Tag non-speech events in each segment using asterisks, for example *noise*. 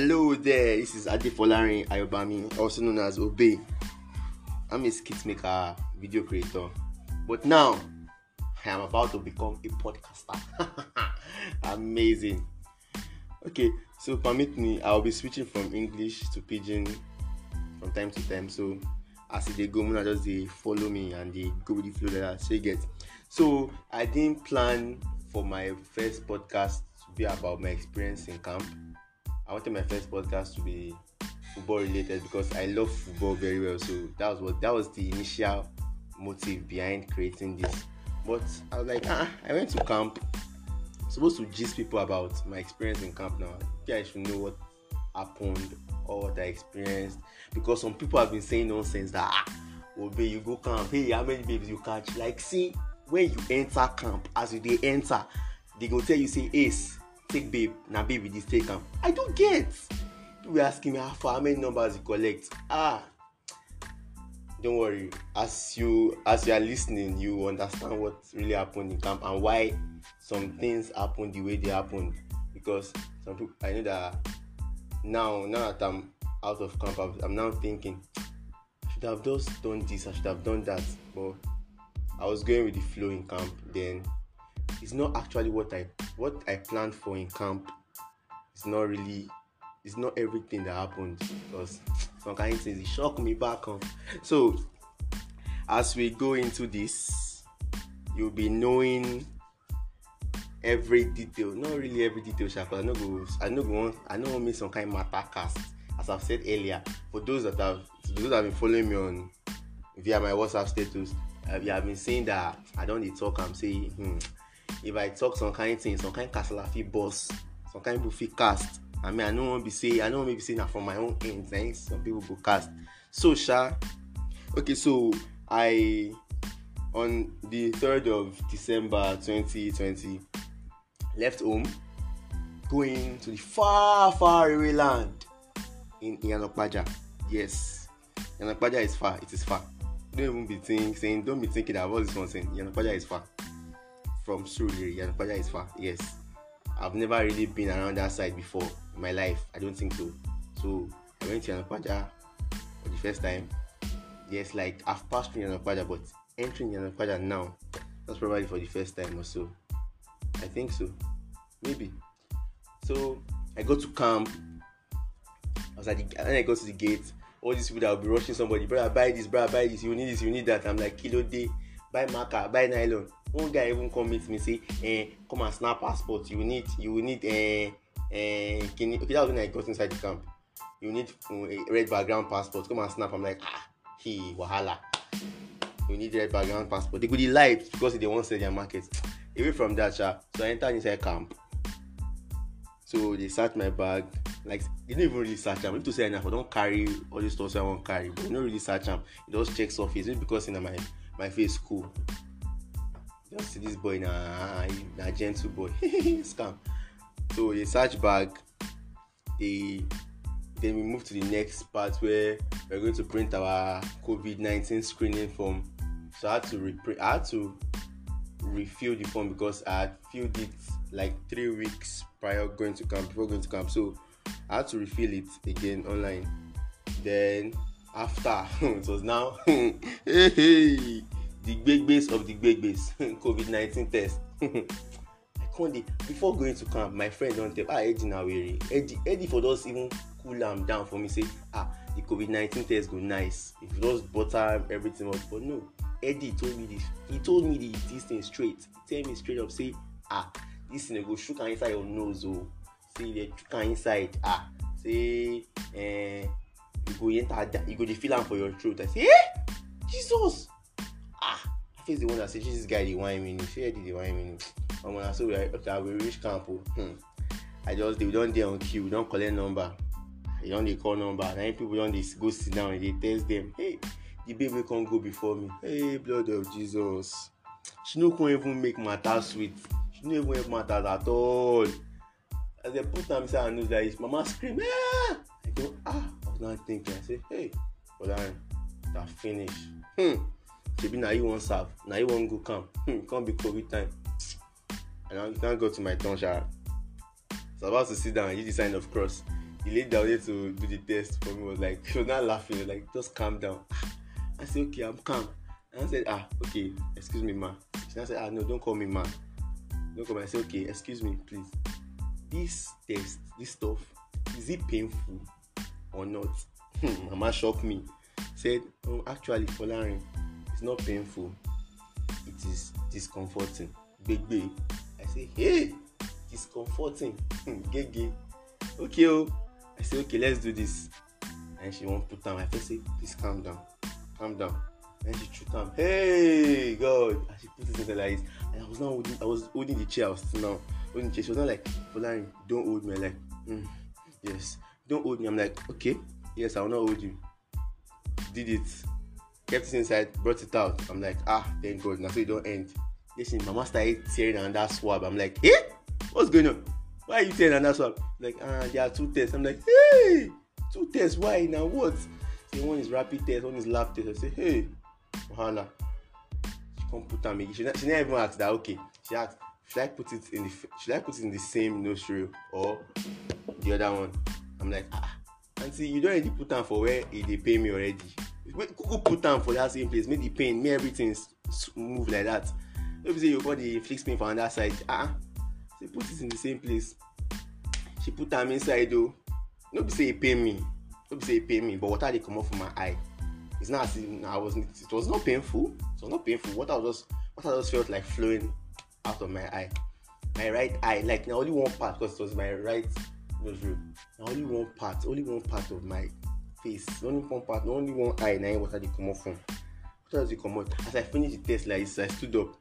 Hello there, this is Adefolari Ayobami, also known as Obey. I'm a skitmaker, maker, video creator, but now I am about to become a podcaster. *laughs* Amazing. Okay, so permit me, I'll be switching from English to Pidgin from time to time. So as they go, Muna just they follow me and they go with the flow that I say get. So I didn't plan for my first podcast to be about my experience in camp. I wanted my first podcast to be football related because I love football very well. So that was what that was the initial motive behind creating this. But I was like, ah, I went to camp. I'm supposed to gist people about my experience in camp now. You guys should know what happened or what I experienced because some people have been saying nonsense that ah, Obe, you go camp. Hey, how many babies you catch? Like, see, when you enter camp, as you they enter, they go tell you say ace take babe na babe we dey take am i don get people asking me ah how many numbers you collect ah don't worry as you as you are lis ten ing you understand what really happen in camp and why some things happen the way they happen because some people i know that now now that i'm out of camp i'm, I'm now thinking i should have just done this i should have done that but i was going with the flow in camp then it's not actually what I what I planned for in camp. It's not really it's not everything that happened because some kind of things shocked me back home. So as we go into this, you'll be knowing every detail. Not really every detail, Shaka. I know go I know go I know want me some kind of matter cast, as I've said earlier. For those that have those that have been following me on via my WhatsApp status, uh, you have been saying that I don't need talk, I'm saying hmm if i talk some kind things, some kind kasala fit burst some kind people fit cast i mean i know wan be say i know wan make be say that from my own end na some people will cast so sha okay so i on the third of december 2020 left home going to the far far away land in iyanopaja yes iyanopaja is far it is far don't even be think saying don't be thinking that all this nonsense. saying is far from Surrey, Yanpaja is far. Yes, I've never really been around that side before in my life. I don't think so. So I went to Yanpaja for the first time. Yes, like I've passed through Yanpaja, but entering Yanpaja now, that's probably for the first time or so. I think so, maybe. So I go to camp. I was at the, and I go to the gate. All these people that will be rushing somebody, brother, buy this, brother, buy this. You need this, you need that. I'm like, kilo day, buy marker, buy nylon. one guy even come meet me say eh, come and snap passport you need you need eh, eh, kini okay that was when i got inside the camp you need uh, red background passport come and snap i'm like ah he wahala you need red background passport they go dey lie because they wan sell their market away from that sha so i enter inside camp so they search my bag like they no even really search am if to say i na for don carry all the stuff wey i wan carry but they no really search am they just check surface maybe because say na my my face cool just see this boy now, a gentle boy *laughs* scam so they search back then we move to the next part where we're going to print our covid-19 screening form so i had to reprint i had to refill the form because i had filled it like three weeks prior going to camp before going to camp so i had to refill it again online then after *laughs* it was now *laughs* hey, hey the gbegbe's of the gbegbe's *laughs* covid nineteen test *laughs* i come dey before going to camp my friend don tell ah eddie na were eddie eddie for just even cool am down for me say ah the covid nineteen test go nice if you just butter everything up but no eddie told me this he told me the this thing straight he tell me straight up say ah this thing go shook am inside your nose o oh. say you dey shook am inside ah say eh, you go enter you go dey feel am for your throat i say eh jesus He's the one that says this guy the whine me shey eddie dey whine me omo na so we okay, we reach camp oh. hmm. i just dey we don on queue we don collect number e don dey call number na people don't dey go sit down and they test them. hey the baby can't go before me hey blood of jesus she no come even make matter sweet she no even make matter at all as dem put am inside her nose like this mama scream ah i go ah i was not thinking i say hey olarin na finished. Hmm. Maybe now you won't serve Now you won't go Come, hmm come be covid time and i can't go to my turn sha so i about to sit down and use the sign of cross the lady that wanted to do the test for me was like *laughs* she was not laughing like just calm down ah, i said, okay i'm calm and i said ah okay excuse me ma she now say ah no don't call me ma don't call me i said, okay excuse me please this test this stuff is it painful or not hmm, mama shocked me said oh actually folarin it's not painful it is discomforting gbegbe i say hey discomforting hmm, gege okay o oh. i say okay let's do this and she wan put am i first say please calm down calm down and she shoot am hey god and she put it center like this and i was now holding i was holding the chair i was still now holding the chair she was now like folarin don hold me like Hmm. yes don hold me i'm like okay yes i will not hold you did it kept it inside, brought it out. I'm like, ah, thank God. Now so it don't end. Listen, my master started tearing another swab. I'm like, eh? What's going on? Why are you tearing another swab? Like, ah, there are two tests. I'm like, hey, two tests. Why now? What? Say one is rapid test, one is lab test. I say, hey, Ohana. She can't put on me. She, she never even asked that. Okay, she asked, should I put it in the should I put it in the same nostril or the other one? I'm like, ah, And see, you don't already put on for where they e pay me already go put am for that same place make the pain make everything move like that. no be say your body dey inflict pain for anoda side ah say put it in the same place she put am inside o no be say e pain me no be say e pain me but water dey comot from my eye it's not as if i was it was not painful it was not painful water was just water just felt like flowing out of my eye my right eye like na only one part because it was my right nose road na only one part only one part of my face only one part only one eye na him they come out from does it come out? as i finish the test like this i stood up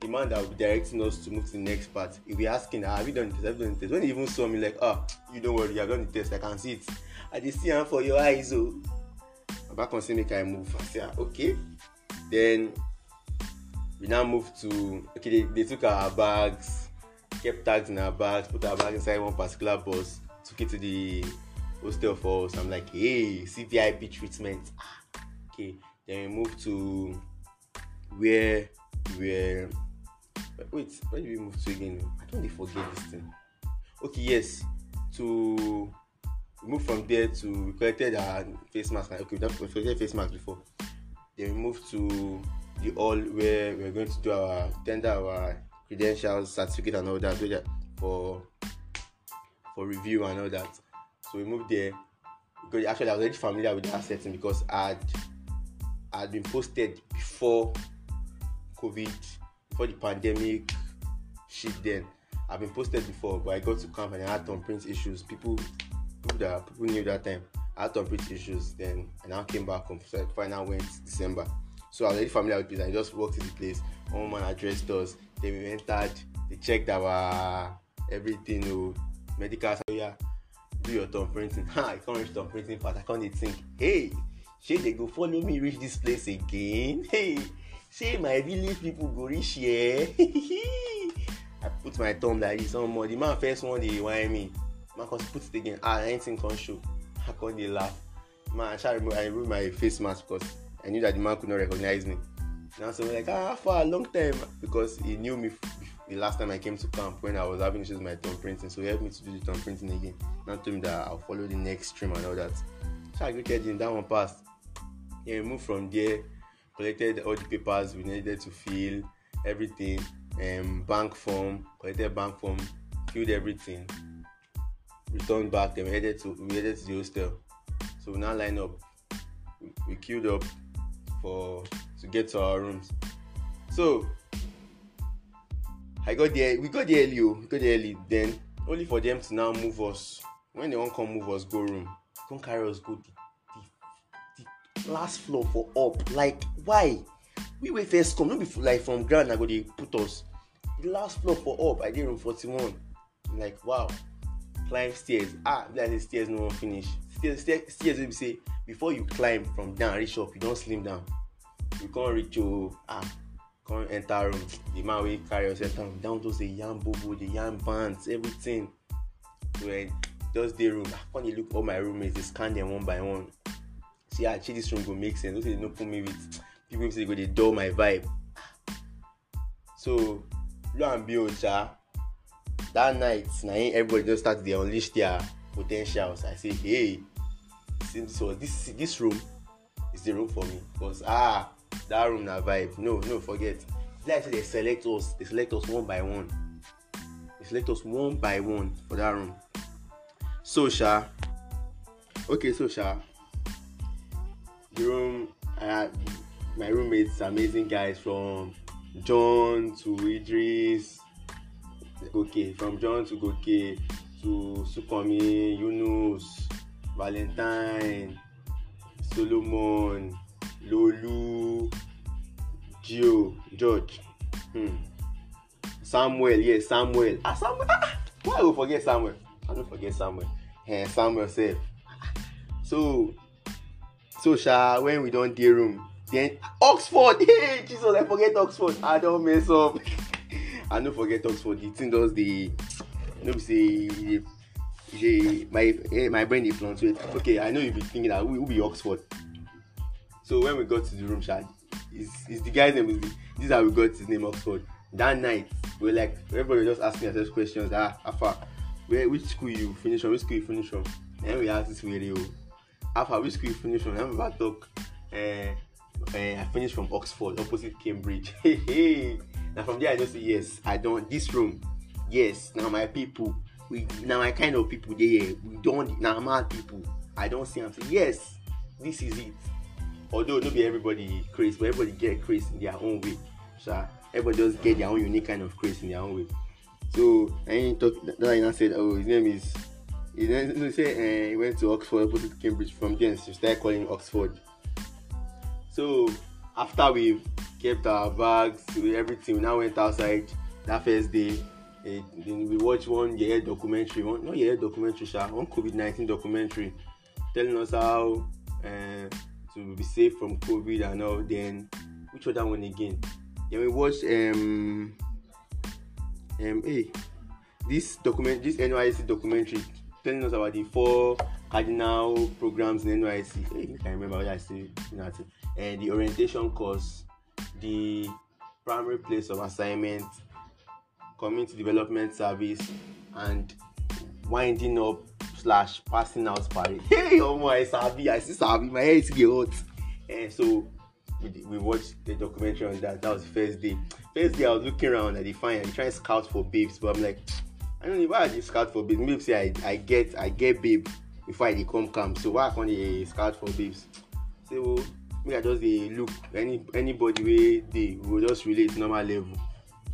the man that be directing us to move to the next part he be asking ah, have you done the test have you done the test when he even saw me like ah you don't worry i have done the test i can see it i just see am for your eyes o oh. baba come say make i move i say ah, okay then we now move to okay they, they took our bags kept tags in our bags put our bags inside one particular bus took it to the hostel for us. I'm like, hey, CVIP treatment. Ah, okay, then we moved to where where wait, where did we move to again? I don't forget this thing. Okay, yes, to we moved from there to we collected our face mask. Okay, we collected face mask before. Then we moved to the hall where we're going to do our tender our credentials, certificate, and all that for for review and all that. So we moved there because actually I was already familiar with the asset because I had, I had been posted before COVID, before the pandemic shit then. I've been posted before, but I got to camp and I had thumbprint issues. People people that people knew that time. I had thumbprint issues then and I came back home. So I finally went December. So I was already familiar with people. I just walked to the place. One man addressed us. Then we entered. They checked our everything, oh, medical. So yeah, do your thumb printing? ha i can't reach thumb printing, part i can't dey think hey say they go follow me reach this place again hey say my village people go reach here *laughs* i put my thumb like this more. the man first one they whine me man cause put it again ah anything come show i can't even laugh man i try remove i remove my face mask because i knew that the man could not recognize me now so like ah for a long time because he knew me the last time I came to camp when I was having issues with my thumb printing, so he helped me to do the thumb printing again. Now told me that I'll follow the next stream and all that. So I greeted him, that one passed. Yeah, we moved from there, collected all the papers we needed to fill, everything, um, bank form, collected bank form, filled everything, returned back, then we headed to we headed to the hostel. So we now line up. We, we queued up for to get to our rooms. So I got there. We got there early. Oh, we got there early. Then only for them to now move us. When they won't come move us, go room. Come carry us go the, the, the last floor for up. Like why? We were first come. not be like from ground. I go they put us. The last floor for up. I did room forty one. Like wow. Climb stairs. Ah, like is stairs no one finish. Stairs, stairs, stairs will be say before you climb from down reach up, you don't slim down. You can't reach your oh, ah come enter room the man wey carry us enter room down to say yam bobo the yam bands everything we eh, just dey room i come dey look all my roommates dey scan them one by one see ah shey this room go make sense no say they no put me with people wey say they go dey dull my vibe so lo and behold sha that night na him everybody just start dey unleash their po ten tials i say hey since so this this room is the room for me because ah that room na vibe no no forget it's like say they select us they select us one by one they select us one by one for that room so sha okay so sha the room i had my roommates amazing guys from john to idris okay from john to goke to sukomi yunus valentine solomon Lolu, Gio, George, hmm. Samuel, yeah, Samuel. Ah, Samuel. Ah, ah. why I go forget Samuel? I don't forget Samuel. Eh, Samuel sef. So, so sha when we don dey room, then Oxford, *laughs* hey Jesus, I forget Oxford. I don mess up. *laughs* I no forget Oxford. The thing just dey, no be say dey, dey my eh, my brain dey fluctuate. Okay, I know you be thinking that who, who be Oxford? So when we got to the room, Charlie, is is the guy's name. This is how we got his name, Oxford. That night, we were like, everybody was just asking ourselves questions. Ah, Afa, where, which school you finish from? Which school you finish from? Then we asked this video. Oh, Afa, which school you finish from? Then we back talk. Uh, uh, I finished from Oxford, opposite Cambridge. *laughs* Hey, hey. Now from there, I just say, yes, I don't, this room, yes, now my people, we, now my kind of people, Yeah, we don't, now people, I don't see, I'm saying, yes, this is it although not be everybody craze, but everybody get craze in their own way. So everybody just get their own unique kind of craze in their own way. So I talk that I said, oh, his name is. He then so say uh, he went to Oxford, to Cambridge. From then, he started calling Oxford. So after we kept our bags, everything, we now went outside that first day. Eh, then we watched one year documentary, one not year documentary, sha, one COVID nineteen documentary, telling us how. Uh, to be safe from COVID and all. Then which other one again? Then we watch um um hey this document this NYC documentary telling us about the four cardinal programs in NYC. Hey, I remember what I said. Nothing. Eh, and the orientation course, the primary place of assignment, community development service, and winding up slash passing out parade *laughs* hey omo i sabi i still sabi my head is get hot And eh, so we we watched the documentary on that that was the first day first day i was looking around i dey find i dey try scout for babes but i'm like i don't know why i just scout for babes maybe say i i get i get babe before i come come so why i come dey scout for babes so make i just dey look any anybody wey dey we go just relate normal level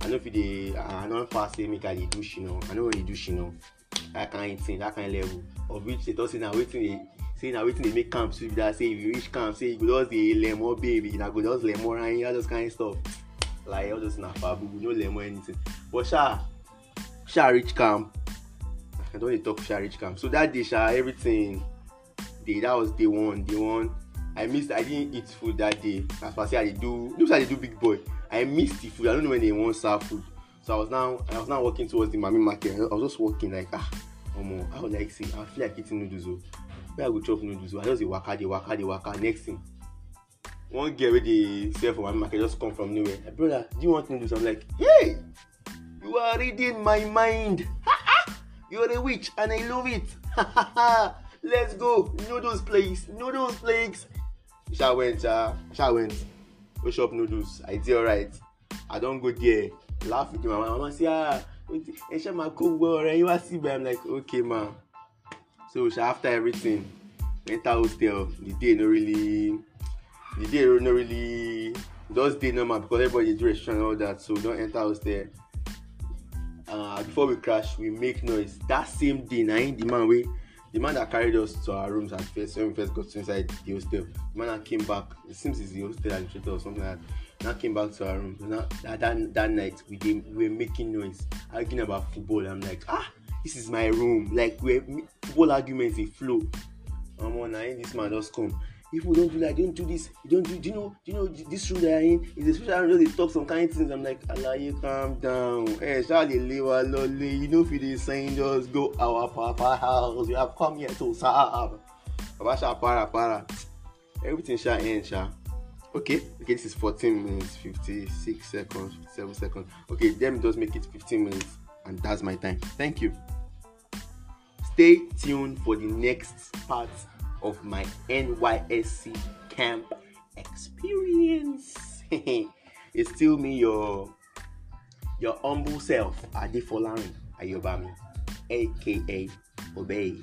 i know if they i no pass say make i dey do shina i know wan dey do shina that kind thing that kind level of which they talk say na wetin dey say na wetin dey make camp sweet be that say if you reach camp say you go just dey lemon baby una go just lemon ran you all those kind stuff like all those na fabu. no lemon anything but sha sha reach camp i don dey talk sha reach camp so that day sha everything day that was day one day one i missed i didn't eat food that day as per say i dey do looks like i dey do big boy i missed the food i don't know when they wan serve food so i was now i was now walking towards the mami market i was just walking like ah omo i like see i feel like eating noodles o oh. where i go chop noodles o oh? i just dey waka dey waka dey waka next thing one girl wey dey sell for mami market just come from nowhere my brother do you want noodles i'm like hey you are reading my mind you are a witch and i love it let's go noodles place noodles place sha went sha sha went go chop noodles i dey alright i don go there laugh with my mama mama say ah ẹ ṣe máa kó gbọ́ ọ̀rẹ́ yín wá sí ibà i'm like okay ma so after everything enter hotel. the day no really the day no really just dey normal because everybody dey do restriction and all that so we don enter hotel. uh, before we crash we make noise that same day na him the man wey the man that carried us to our rooms at first when we first got inside the hotel, the man that came back it seems he's the hostel administrator or something like that now came back to our room. So now that, that, that night we gave, we were making noise, arguing about football. I'm like, ah, this is my room. Like we football arguments they flow. I'm on I this man just come. If we don't do that, don't do this, you don't do do you know do you know this room that I'm in is a special room they talk some kind of things. I'm like, you calm down. Hey, eh, Charlie Lewa Lolly, you know if you didn't sign just go our papa house. You have come here to serve. Papa para para. Everything shall end, shall okay okay this is 14 minutes 56 seconds 57 seconds okay them me just make it 15 minutes and that's my time thank you stay tuned for the next part of my nysc camp experience *laughs* it's still me your your humble self adefolarin ayobami aka obey